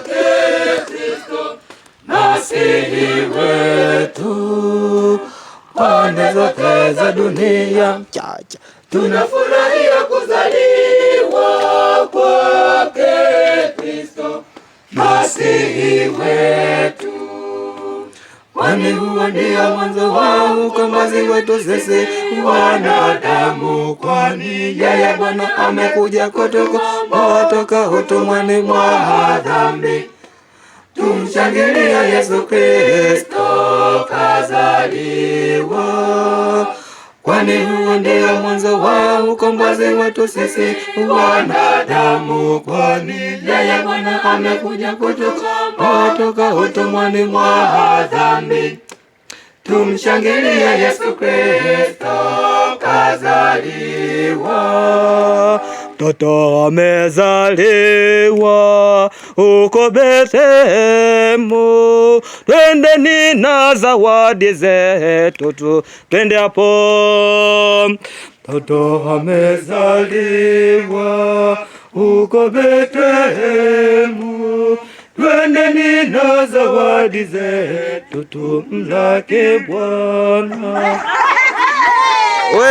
kwake Kristo Masihi wetu, pande zote za dunia chacha, tunafurahia kuzaliwa kwake Kristo Masihi wetu kwani huo ndio mwanzo wa ukombozi wetu sisi wanadamu, kwani yeye Bwana amekuja kutukomboa toka utumwani mwa dhambi. tumshangilia Yesu Kristo kazaliwa kwani huo ndio mwanzo wa ukombozi wetu sisi wanadamu, kwani yeye Bwana amekuja kutukomboa toka utumwani mwa dhambi. Tumshangilie Yesu Kristo kazaliwa, mtoto amezaliwa uko Bethlehemu zetu, twendeni na zawadi zetu tu, twende hapo. Mtoto amezaliwa huko Betlehemu, twendeni na zawadi zetu tumlake Bwana.